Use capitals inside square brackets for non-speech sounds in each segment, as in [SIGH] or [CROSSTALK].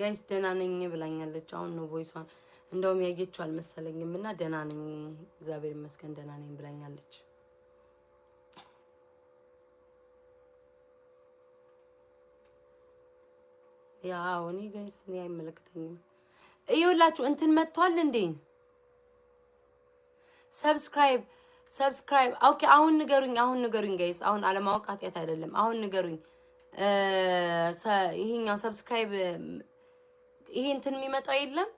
ጋይስ ደህና ነኝ ብላኛለች። አሁን ነው ቮይሷን እንደውም ያየችው አልመሰለኝም። እና ደህና ነኝ እግዚአብሔር ይመስገን ደህና ነኝ ብላኛለች። ያው እኔ ጋይስ እኔ አይመለከተኝም። እየውላችሁ እንትን መጥቷል እንዴ? ሰብስክራይብ ሰብስክራይብ። ኦኬ አሁን ንገሩኝ፣ አሁን ንገሩኝ ጋይስ። አሁን አለማወቅ ኃጢአት አይደለም። አሁን ንገሩኝ ይህኛው ሰብስክራይብ ይሄ እንትን የሚመጣው የለም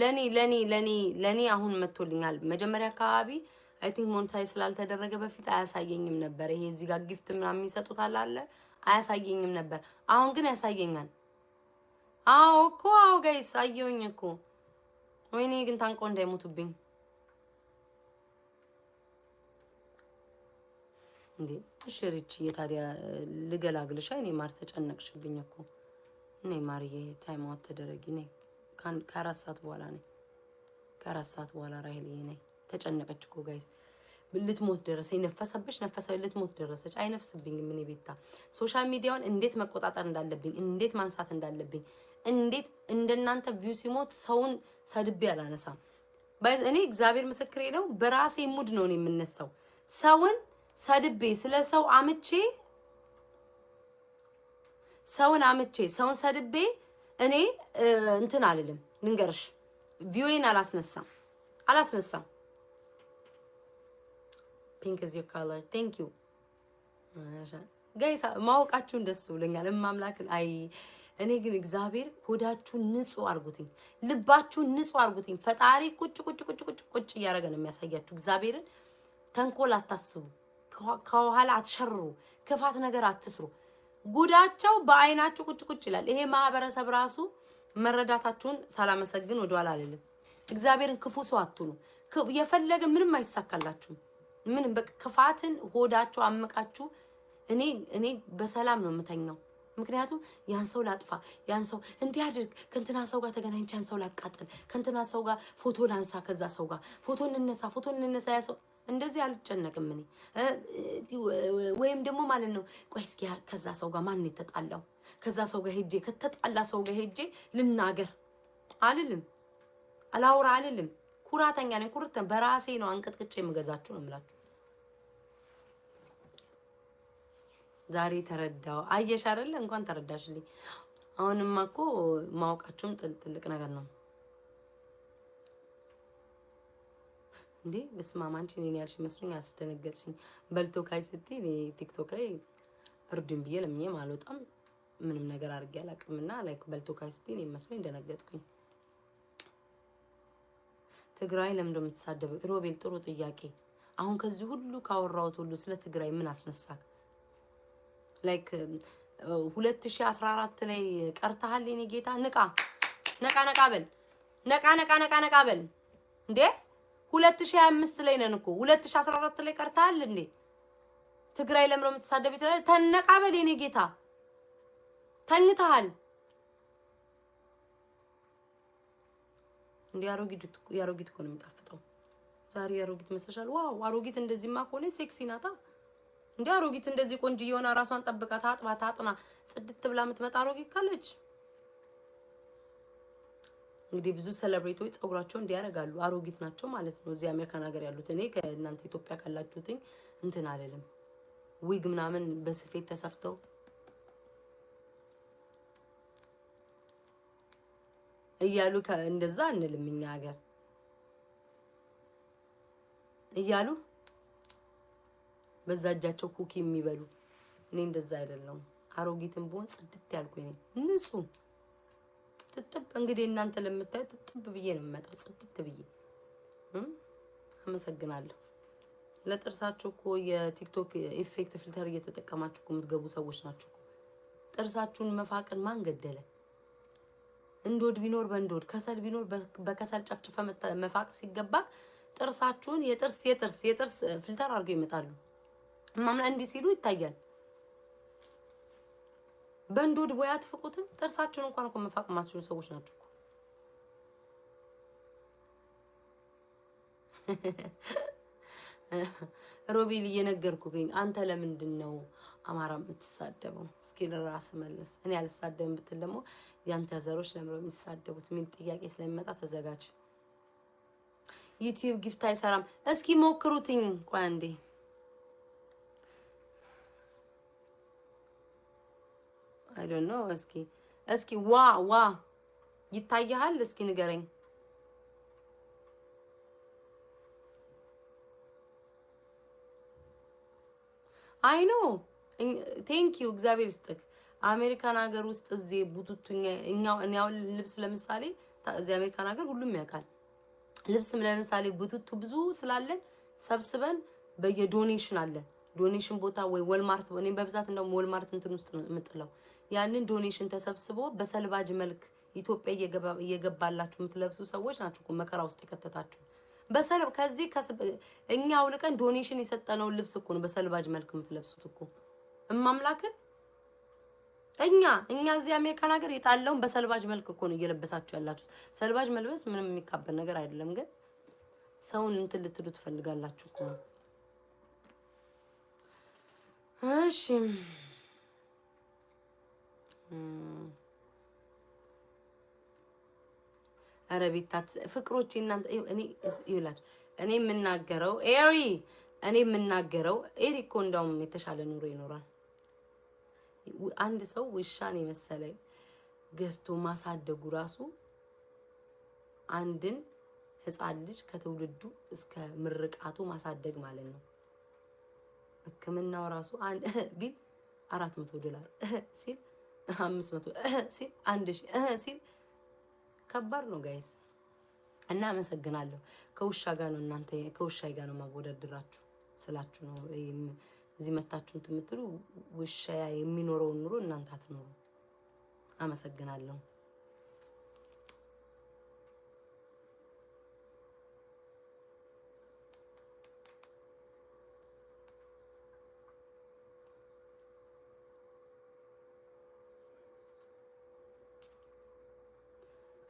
ለኔ ለኔ ለኔ ለኔ አሁን መጥቶልኛል። መጀመሪያ አካባቢ አይ ቲንክ ሞንሳይ ስላልተደረገ በፊት አያሳየኝም ነበር። ይሄ እዚህ ጋር ጊፍት ምናምን የሚሰጡት አለ አለ አያሳየኝም ነበር። አሁን ግን ያሳየኛል። አዎ እኮ አዎ፣ ጋይስ አየሁኝ እኮ። ወይኔ ግን ታንቆ እንዳይሞቱብኝ እንዴ። እሺ ሪችዬ፣ ታዲያ ልገላግልሻ? እኔ ማር ተጨነቅሽብኝ እኮ እኔ ማርዬ አውት ተደረጊ ነ ከአራት ሰዓት በኋላ ነ ከአራት ሰዓት በኋላ ራሄልዬ ነ ተጨነቀች እኮ ጋይስ ልትሞት ደረሰኝ። ይነፈሰብሽ ነፈሰ ልትሞት ደረሰች። አይነፍስብኝ ምን ቤታ ሶሻል ሚዲያውን እንዴት መቆጣጠር እንዳለብኝ፣ እንዴት ማንሳት እንዳለብኝ፣ እንዴት እንደናንተ ቪው ሲሞት ሰውን ሰድቤ አላነሳም። እኔ እግዚአብሔር ምስክሬ ነው። በራሴ ሙድ ነው እኔ የምነሳው። ሰውን ሰድቤ ስለ ሰው አምቼ ሰውን አምቼ ሰውን ሰድቤ እኔ እንትን አልልም። ልንገርሽ፣ ቪዌን አላስነሳም አላስነሳም። ፒንክ ዝ ካለር ቴንክ ዩ ጋይስ። ማወቃችሁን ደስ ብሎኛል። እማምላክን አይ እኔ ግን እግዚአብሔር ሆዳችሁን ንጹህ አርጉትኝ፣ ልባችሁን ንጹህ አርጉትኝ። ፈጣሪ ቁጭ ቁጭ ቁጭ ቁጭ ቁጭ እያደረገ ነው የሚያሳያችሁ። እግዚአብሔርን ተንኮል አታስቡ፣ ከኋላ አትሸርሩ፣ ክፋት ነገር አትስሩ። ጉዳቸው በአይናቸው ቁጭ ቁጭ ይላል። ይሄ ማህበረሰብ ራሱ መረዳታችሁን ሳላመሰግን ወደኋላ አይደለም። እግዚአብሔርን ክፉ ሰው አትሁኑ። የፈለገ ምንም አይሳካላችሁም። ምንም በክፋትን ሆዳችሁ አምቃችሁ እኔ እኔ በሰላም ነው የምተኛው። ምክንያቱም ያን ሰው ላጥፋ፣ ያን ሰው እንዲህ አድርግ፣ ከእንትና ሰው ጋር ተገናኝቼ ያን ሰው ላቃጥል፣ ከእንትና ሰው ጋር ፎቶ ላንሳ፣ ከዛ ሰው ጋር ፎቶ እንነሳ፣ ፎቶ እንነሳ ያ ሰው እንደዚህ አልጨነቅም እኔ ወይም ደግሞ ማለት ነው። ቆይ እስኪ ከዛ ሰው ጋር ማን የተጣላው ከዛ ሰው ጋር ሄጄ ከተጣላ ሰው ጋር ሄጄ ልናገር አልልም፣ አላውራ አልልም። ኩራተኛ ነኝ። ኩርተ በራሴ ነው አንቀጥቅጬ የምገዛችሁ ነው የምላችሁ። ዛሬ ተረዳው። አየሽ አይደለ? እንኳን ተረዳሽልኝ። አሁንማ እኮ ማወቃችሁም ትልቅ ነገር ነው። እንዴ በስማማንች እኔን ያልሽ መስሎኝ አስደነገጥሽኝ። በልቶ ካይ ስትይ ቲክቶክ ላይ እርዱኝ ብዬ ለምኜም አልወጣም ምንም ነገር አድርጌ አላቅምና ላይክ በልቶ ካይ ስትይ እኔን መስሎኝ ደነገጥኩኝ። ትግራይ ለምንድን የምትሳደበው ሮቤል? ጥሩ ጥያቄ። አሁን ከዚህ ሁሉ ካወራሁት ሁሉ ስለ ትግራይ ምን አስነሳክ? ላይክ 2014 ላይ ቀርተሃል። የኔ ጌታ ንቃ ነቃ ነቃ በል ነቃ ነቃ ነቃ ነቃ በል እንዴ ሁለት ላይ ነን እኮ ሁለት ሺህ ላይ ቀርተሃል እንዴ? ትግራይ ለምነው የምትሳደብ ይትላል። ተነቃበል የኔ ጌታ ተኝተሃል። እንዲ አሮጊት ያሮጊት እኮ ነው የሚጣፍጠው። ዛሬ አሮጊት መስለሻል? ዋው አሮጊት እንደዚህ ማ ከሆነ ሴክሲ ናታ። እንዲ አሮጊት እንደዚህ ቆንጆ የሆነ ራሷን ጠብቃ ታጥባ ታጥና ጽድት ብላ የምትመጣ አሮጊት ካለች እንግዲህ ብዙ ሴሌብሬቶች ጸጉራቸው እንዲያደርጋሉ አሮጊት ናቸው ማለት ነው። እዚህ አሜሪካን ሀገር ያሉት እኔ ከእናንተ ኢትዮጵያ ካላችሁትኝ እንትን አልልም። ዊግ ምናምን በስፌት ተሰፍተው እያሉ እንደዛ አንልም እኛ ሀገር እያሉ በዛ እጃቸው ኩኪ የሚበሉ እኔ እንደዛ አይደለም። አሮጊትን ቢሆን ጽድት ያልኩኝ ንጹህ ጥጥብ እንግዲህ እናንተ ለምታዩ ጥጥብ ብዬ ነው የምመጣው፣ ጽድት ብዬ አመሰግናለሁ። ለጥርሳችሁ እኮ የቲክቶክ ኢፌክት ፊልተር እየተጠቀማችሁ እኮ የምትገቡ ሰዎች ናችሁ። ጥርሳችሁን መፋቅን ማን ገደለ? እንዶድ ቢኖር በእንዶድ ከሰል ቢኖር በከሰል ጨፍጭፈ መፋቅ ሲገባ ጥርሳችሁን የጥርስ የጥርስ የጥርስ ፊልተር አድርገው ይመጣሉ። ማምላ እንዲህ ሲሉ ይታያል። በእንዶድ ወይ አትፍቁትም። ጥርሳችሁን እንኳን እኮ መፋቅ ማትችሉ ሰዎች ናችሁ እኮ [LAUGHS] ሮቤል፣ እየነገርኩ ግን አንተ ለምንድን ነው አማራ የምትሳደበው? እስኪ ለራስ መልስ። እኔ አልሳደብም ብትል ደግሞ ያንተ ዘሮች ለምረው የሚሳደቡት የሚል ጥያቄ ስለሚመጣ ተዘጋጅ። ዩቲዩብ ጊፍት አይሰራም። እስኪ ሞክሩትኝ። ቆይ አንዴ አይ ዶንት ኖ። እስኪ እስኪ ዋ ዋ ይታያል እስኪ ንገረኝ። አይ ኖ ቴንክ ዩ እግዚአብሔር ይስጥክ። አሜሪካን ሀገር ውስጥ እዚህ ቡቱቱኛ እኛው እኛው ልብስ ለምሳሌ እዚህ አሜሪካን ሀገር ሁሉም ያውቃል። ልብስም ለምሳሌ ቡቱቱ ብዙ ስላለን ሰብስበን በየዶኔሽን አለን ዶኔሽን ቦታ ወይ ወልማርት፣ እኔ በብዛት እንደውም ወልማርት እንትን ውስጥ ነው የምጥለው። ያንን ዶኔሽን ተሰብስቦ በሰልባጅ መልክ ኢትዮጵያ እየገባላችሁ የምትለብሱ ሰዎች ናችሁ እኮ መከራ ውስጥ የከተታችሁ። በሰልብ ከዚህ እኛ አውልቀን ዶኔሽን የሰጠነውን ልብስ እኮ ነው በሰልባጅ መልክ የምትለብሱት እኮ እማምላክን እኛ እኛ እዚህ አሜሪካን ሀገር የጣለውን በሰልባጅ መልክ እኮ ነው እየለበሳችሁ ያላችሁት። ሰልባጅ መልበስ ምንም የሚካበር ነገር አይደለም፣ ግን ሰውን እንትን ልትሉ ትፈልጋላችሁ እኮ ነው። እሺ ኧረ ቤታ ፍቅሮቼ እናንተ እኔ ይላችሁ እኔ የምናገረው ኤሪ እኔ የምናገረው ኤሪ እኮ እንዳውም የተሻለ ኑሮ ይኖራል። አንድ ሰው ውሻን የመሰለ ገዝቶ ማሳደጉ ራሱ አንድን ሕፃን ልጅ ከትውልዱ እስከ ምርቃቱ ማሳደግ ማለት ነው። ሕክምናው ራሱ [LAUGHS] ቢል አራት መቶ ዶላር [LAUGHS] ሲል አምስት መቶ [LAUGHS] ሲል አንድ ሺህ ሲል ከባድ ነው ጋይስ። እና አመሰግናለሁ። ከውሻ ጋር ነው እናንተ ከውሻ ጋር ነው ማወዳደራችሁ ስላችሁ ነው እዚህ መታችሁ እንትን የምትሉ ውሻ የሚኖረውን ኑሮ እናንተ አትኖሩ። አመሰግናለሁ።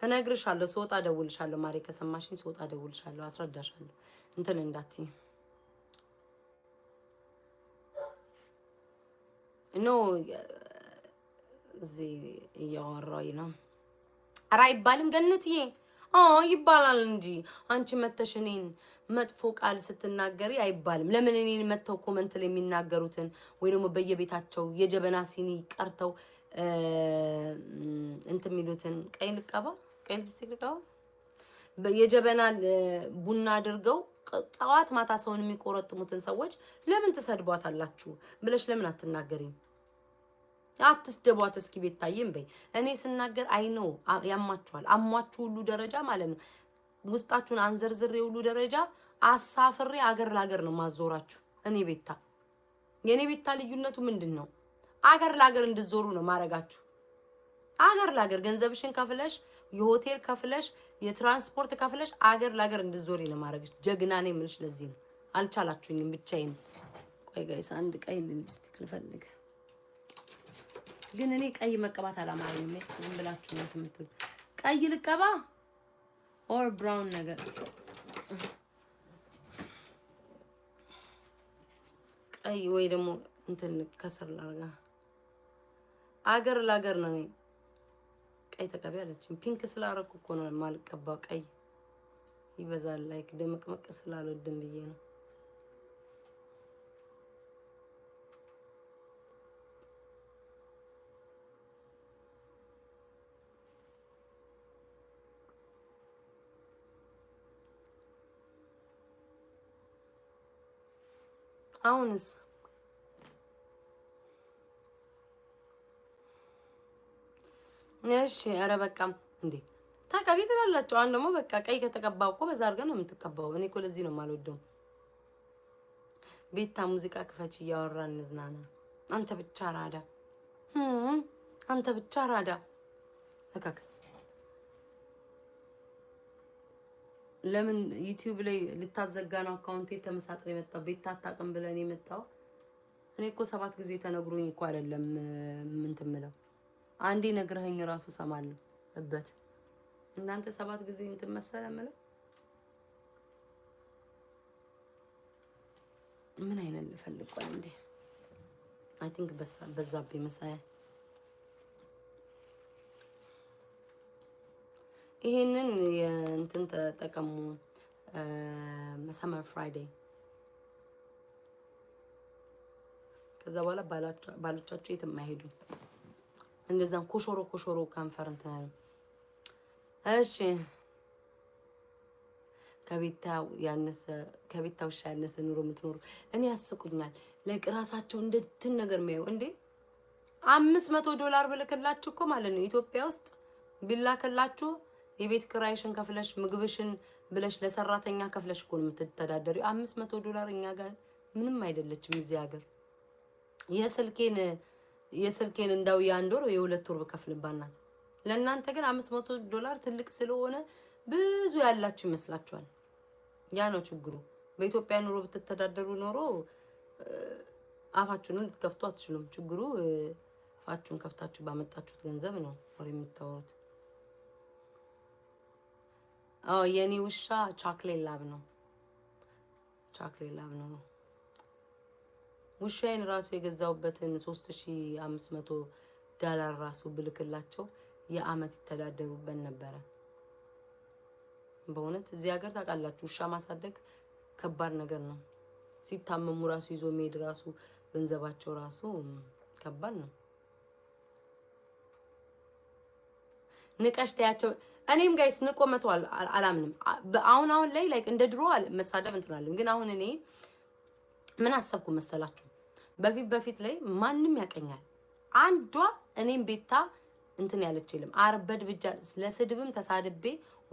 እነግርሻለሁ። ስወጣ እደውልሻለሁ። ማሬ ከሰማሽኝ ስወጣ እደውልሻለሁ፣ አስረዳሻለሁ። እንትን እንዳትዪ ኖ እዚህ እያወራሁኝ ነው። ኧረ አይባልም ገነትዬ። አዎ ይባላል እንጂ አንቺ መተሽ እኔን መጥፎ ቃል ስትናገሪ አይባልም። ለምን እኔን መተው ኮመንት ላይ የሚናገሩትን ወይ ደግሞ በየቤታቸው የጀበና ሲኒ ቀርተው እንትን የሚሉትን ቀይ ልቀባ የጀበና ቡና አድርገው ጠዋት ማታ ሰውን የሚቆረጥሙትን ሰዎች ለምን ትሰድቧታላችሁ ብለሽ ለምን አትናገሪም? አትስደቧት እስኪ ቤታዬም በይ። እኔ ስናገር አይ ነው ያማችኋል። አሟችሁ ሁሉ ደረጃ ማለት ነው ውስጣችሁን አንዘርዝሬ ሁሉ ደረጃ አሳፍሬ አገር ለአገር ነው ማዞራችሁ። እኔ ቤታ የእኔ ቤታ ልዩነቱ ምንድን ነው? አገር ለአገር እንድዞሩ ነው ማረጋችሁ። አገር ለአገር ገንዘብሽን ከፍለሽ የሆቴል ከፍለሽ የትራንስፖርት ከፍለሽ አገር ለአገር እንድዞሪ ለማድረግሽ ጀግና ነኝ የምልሽ ለዚህ ነው። አልቻላችሁኝም። ብቻዬን ቆይ ጋይስ፣ አንድ ቀይ ሊፕስቲክ ልፈልግ። ግን እኔ ቀይ መቀባት አላማረኝም። እቺ ዝም ብላችሁ ነው የምትሉት። ቀይ ልቀባ ኦር ብራውን ነገር ቀይ ወይ ደግሞ እንትን ከስር ላርጋ አገር ለአገር ነው። ቀይ ተቀቢ አለችኝ። ፒንክ ስላረኩ እኮ ነው የማልቀባው። ቀይ ይበዛል። ላይክ ደመቅመቅ ስላልወድም ብዬ ነው። አሁንስ እሺ ኧረ በቃ እንዴ ታቃቢ ትላላችሁ። አንድ ደግሞ በቃ ቀይ ከተቀባው እኮ በዛ አድርገን ነው የምትቀባው። እኔ እኮ ለዚህ ነው የማልወደው። ቤታ ሙዚቃ ክፈች፣ እያወራን እንዝናና። አንተ ብቻ ራዳ፣ አንተ ብቻ ራዳ። እካክ ለምን ዩቲዩብ ላይ ልታዘጋ ነው አካውንቴ? ተመሳጥሮ የመጣው ቤታ አታውቅም ብለን የመጣው እኔ እኮ ሰባት ጊዜ ተነግሮኝ እኮ አይደለም ምን ትምለው አንዴ ነግረኸኝ ራሱ ሰማለሁ እበት እናንተ ሰባት ጊዜ እንትን መሰለ ምለው? ምን አይነት ልፈልጓል እንዴ? አይ ቲንክ በዛብኝ መሳያ ይሄንን የእንትን ተጠቀሙ። ሰመር ፍራይዴይ ከዛ በኋላ ባሎቻችሁ የትም አይሄዱም። እንደዛም ኮሾሮ ኮሾሮ ከንፈር እንትን አለ። እሺ ከቤታው ያነሰ ከቤታው ውሻ ያነሰ ኑሮ የምትኖሩ እኔ ያስቁኛል። ለቅ ራሳቸው እንደትን ነገር የሚያዩ እንዴ አምስት መቶ ዶላር ብልክላችሁ እኮ ማለት ነው ኢትዮጵያ ውስጥ ቢላክላችሁ የቤት ክራይሽን ከፍለሽ ምግብሽን ብለሽ ለሰራተኛ ከፍለሽ እኮ ነው የምትተዳደሪ። አምስት መቶ ዶላር እኛ ጋር ምንም አይደለችም እዚህ ሀገር የስልኬን የስልኬን እንዳው የአንድ ወር የሁለት ወር ብከፍልባት ናት። ለእናንተ ግን አምስት መቶ ዶላር ትልቅ ስለሆነ ብዙ ያላችሁ ይመስላችኋል። ያ ነው ችግሩ። በኢትዮጵያ ኑሮ ብትተዳደሩ ኖሮ አፋችሁን ልትከፍቱ አትችሉም። ችግሩ አፋችሁን ከፍታችሁ ባመጣችሁት ገንዘብ ነው ወር የምታወሩት። የኔ ውሻ ቻክሌት ላብ ነው። ቻክሌት ላብ ነው። ውሻዬን ራሱ የገዛውበትን 3500 ዳላር ራሱ ብልክላቸው የአመት ይተዳደሩበት ነበረ። በእውነት እዚህ ሀገር ታውቃላችሁ፣ ውሻ ማሳደግ ከባድ ነገር ነው። ሲታመሙ ራሱ ይዞ መሄድ ራሱ ገንዘባቸው ራሱ ከባድ ነው። ንቀሽ ተያቸው። እኔም ጋይስ ንቆ አላምንም። አሁን አሁን ላይ ላይክ እንደ ድሮ መሳደብ እንትናለም፣ ግን አሁን እኔ ምን አሰብኩ መሰላችሁ በፊት በፊት ላይ ማንም ያቀኛል። አንዷ እኔም ቤታ እንትን ያለች የለም። አርበድ ብቻ ለስድብም ተሳድቤ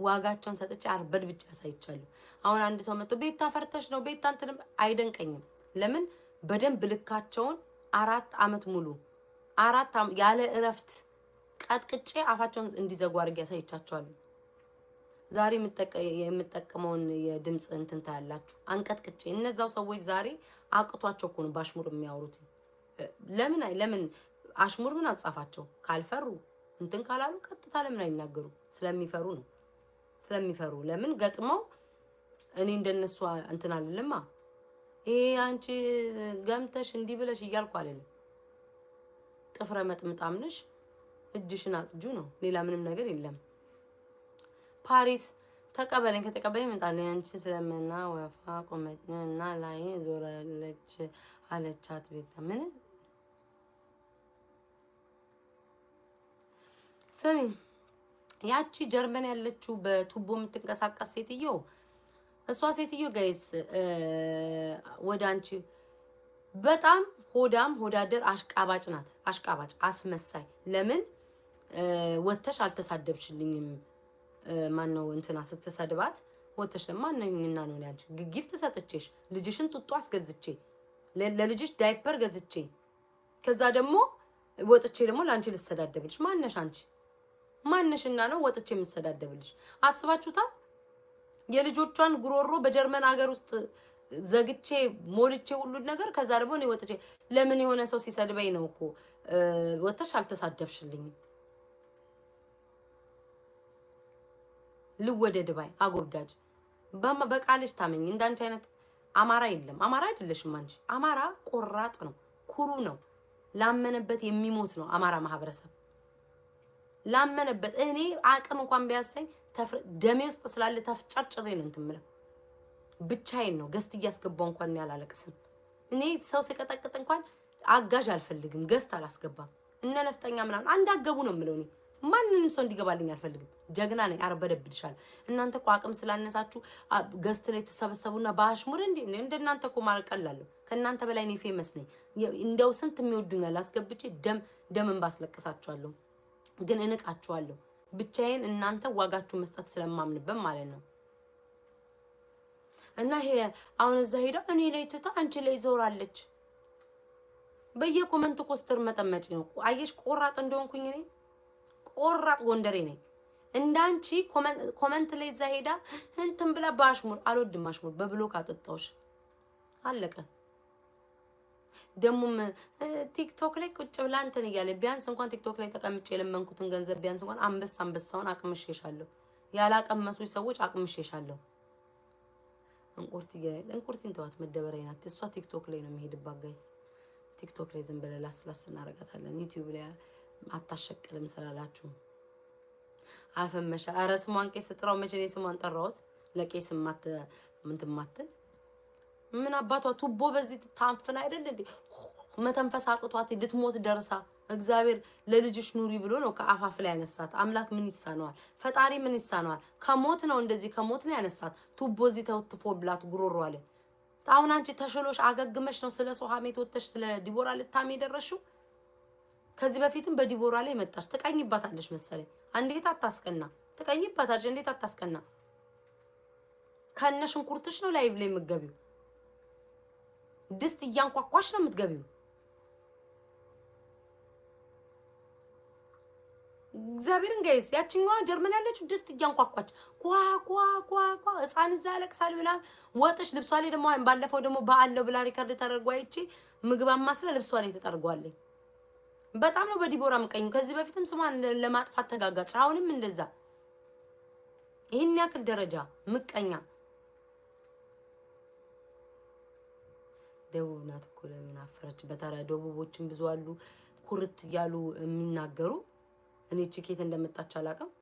ዋጋቸውን ሰጥቼ አርበድ ብቻ ሳይቻለሁ። አሁን አንድ ሰው መጥቶ ቤታ ፈርተሽ ነው ቤታ እንትንም አይደንቀኝም። ለምን በደንብ ልካቸውን አራት አመት ሙሉ አራት ያለ እረፍት ቀጥቅጬ አፋቸውን እንዲዘጉ አድርጌ ዛሬ የምጠቀመውን የድምፅ እንትን ታያላችሁ። አንቀጥቅጬ እነዛው ሰዎች ዛሬ አቅቷቸው እኮ ነው በአሽሙር የሚያወሩት። ለምን አይ ለምን አሽሙር ምን አጻፋቸው? ካልፈሩ እንትን ካላሉ ቀጥታ ለምን አይናገሩ? ስለሚፈሩ ነው። ስለሚፈሩ ለምን ገጥመው እኔ እንደነሱ እንትን አልልማ። ይሄ አንቺ ገምተሽ እንዲህ ብለሽ እያልኩ አልልም። ጥፍረ መጥምጣምንሽ እጅሽን አጽጁ ነው። ሌላ ምንም ነገር የለም። ፓሪስ ተቀበለኝ ከተቀበለኝ እመጣለሁ። አንቺ ስለምና ወፋ ቆመች እና ላይ ዞረለች አለቻት። ቤታ ምን ስሚ፣ ያቺ ጀርመን ያለችው በቱቦ የምትንቀሳቀስ ሴትዮ እሷ ሴትዮ ጋይስ ወደ አንቺ በጣም ሆዳም ሆዳደር አሽቃባጭ ናት። አሽቃባጭ አስመሳይ። ለምን ወተሽ አልተሳደብሽልኝም? ማነው እንትና ስትሰድባት ወተሽ ማነኝና ነው ያንቺ ግግፍት ሰጥቼሽ ልጅሽን ጡጦ አስገዝቼ ለልጅሽ ዳይፐር ገዝቼ ከዛ ደግሞ ወጥቼ ደግሞ ለአንቺ ልሰዳደብልሽ ማነሽ አንቺ ማነሽና ነው ወጥቼ የምሰዳደብልሽ አስባችሁታ የልጆቿን ጉሮሮ በጀርመን ሀገር ውስጥ ዘግቼ ሞልቼ ሁሉን ነገር ከዛ ደግሞ እኔ ወጥቼ ለምን የሆነ ሰው ሲሰድበኝ ነው እኮ ወጥተሽ አልተሳደብሽልኝም ልወደድ ባይ አጎብዳጅ በቃልሽ ታመኝ። እንዳንቺ አይነት አማራ የለም። አማራ አይደለሽም አንቺ። አማራ ቆራጥ ነው፣ ኩሩ ነው፣ ላመነበት የሚሞት ነው። አማራ ማህበረሰብ ላመነበት እኔ አቅም እንኳን ቢያሰኝ ደሜ ውስጥ ስላለ ተፍጨርጭሬ ነው እንትን የምለው። ብቻዬን ነው ገስት እያስገባው እንኳን እኔ አላለቅስም። እኔ ሰው ሲቀጠቅጥ እንኳን አጋዥ አልፈልግም። ገስት አላስገባም። እነ ነፍጠኛ ምናምን አንዳገቡ ነው የምለው እኔ ማንንም ሰው እንዲገባልኝ አልፈልግም። ጀግና ነኝ። አርበደብድሻል። እናንተ እኮ አቅም ስላነሳችሁ ገስት ላይ ተሰበሰቡና በአሽሙር እንዲ እንደ እናንተ እኮ ማድረግ ቀላለሁ። ከእናንተ በላይ እኔ ፌመስ ነኝ። እንደው ስንት የሚወዱኛል አስገብቼ ደም ደምን እንባ ግን እንቃችኋለሁ። ብቻዬን እናንተ ዋጋችሁ መስጠት ስለማምንበት ማለት ነው። እና ይሄ አሁን እዛ ሄዳ እኔ ላይ ትታ አንቺ ላይ ዞራለች። በየኮመንት ኮስተር መጠመጭ ነው። አየሽ ቆራጥ እንደሆንኩኝ እኔ ቆራጥ ጎንደሬ ነኝ። እንዳንቺ ኮመንት ላይ እዛ ሄዳ እንትን ብላ በአሽሙር አልወድም። አሽሙር በብሎክ አጠጣውሽ አለቀ። ደግሞም ቲክቶክ ላይ ቁጭ ብላ እንትን እያለ ቢያንስ እንኳን ቲክቶክ ላይ ተቀምጭ የለመንኩትን ገንዘብ ቢያንስ እንኳን አንበሳ አንበሳውን አቅምሼሻለሁ። ያላቀመሱኝ ሰዎች አቅምሼሻለሁ። እንቁርቲ እንቁርቲን ተዋት፣ መደበሪያ ናት እሷ። ቲክቶክ ላይ ነው የሚሄድባት ጋይስ። ቲክቶክ ላይ ዝም ብለህ ላስላስ እናደርጋታለን ዩቲዩብ ላይ አታሸቅልም ስላላችሁ አፈመሻ ኧረ ስሟን ቄስ ጥራው። መቼ እኔ ስሟን ጠራሁት? ለቄስ ምንትን ማትል ምን አባቷ ቱቦ በዚህ ታንፍን አይደል እንዴ? መተንፈስ አቅቷት ልትሞት ደርሳ እግዚአብሔር ለልጅሽ ኑሪ ብሎ ነው ከአፋፍ ላይ ያነሳት። አምላክ ምን ይሳነዋል? ፈጣሪ ምን ይሳነዋል? ከሞት ነው እንደዚህ ከሞት ነው ያነሳት። ቱቦ እዚህ ተወትፎላት ጉሮሮ አለ። አሁን አንቺ ተሽሎሽ አገግመሽ ነው ስለ ሰው ሐሜት ወጥተሽ ስለ ዲቦራ ልታሜ የደረሽው። ከዚህ በፊትም በዲቦራ ላይ መጣች። ትቀኝባታለች መሰለኝ። እንዴት አታስቀና! ትቀኝባታለች። እንዴት አታስቀና! ከነ ሽንኩርትሽ ነው ላይቭ ላይ የምትገቢው። ድስት እያንኳኳሽ ነው የምትገቢው። እግዚአብሔርን ጋይስ ያችኛዋ ጀርመን ያለችው ድስት እያንኳኳች ኳ ኳ ኳ ህፃን እዛ ያለቅሳል ብላ ወጥሽ ልብሷ ላይ ደግሞ ባለፈው ደግሞ በአለው ብላ ሪከርድ ተደርጓ ይቺ ምግብ አማስላ ልብሷ ላይ ተጠርጓለኝ። በጣም ነው በዲቦራ ምቀኝ። ከዚህ በፊትም ስሟን ለማጥፋት ተጋጋጽ፣ አሁንም እንደዛ ይህን ያክል ደረጃ ምቀኛ ደቡብ ናት እኮ ለምን አፈረች? በተራ ደቡቦችን ብዙ አሉ ኩርት እያሉ የሚናገሩ እኔ ችኬት እንደመጣች አላውቅም።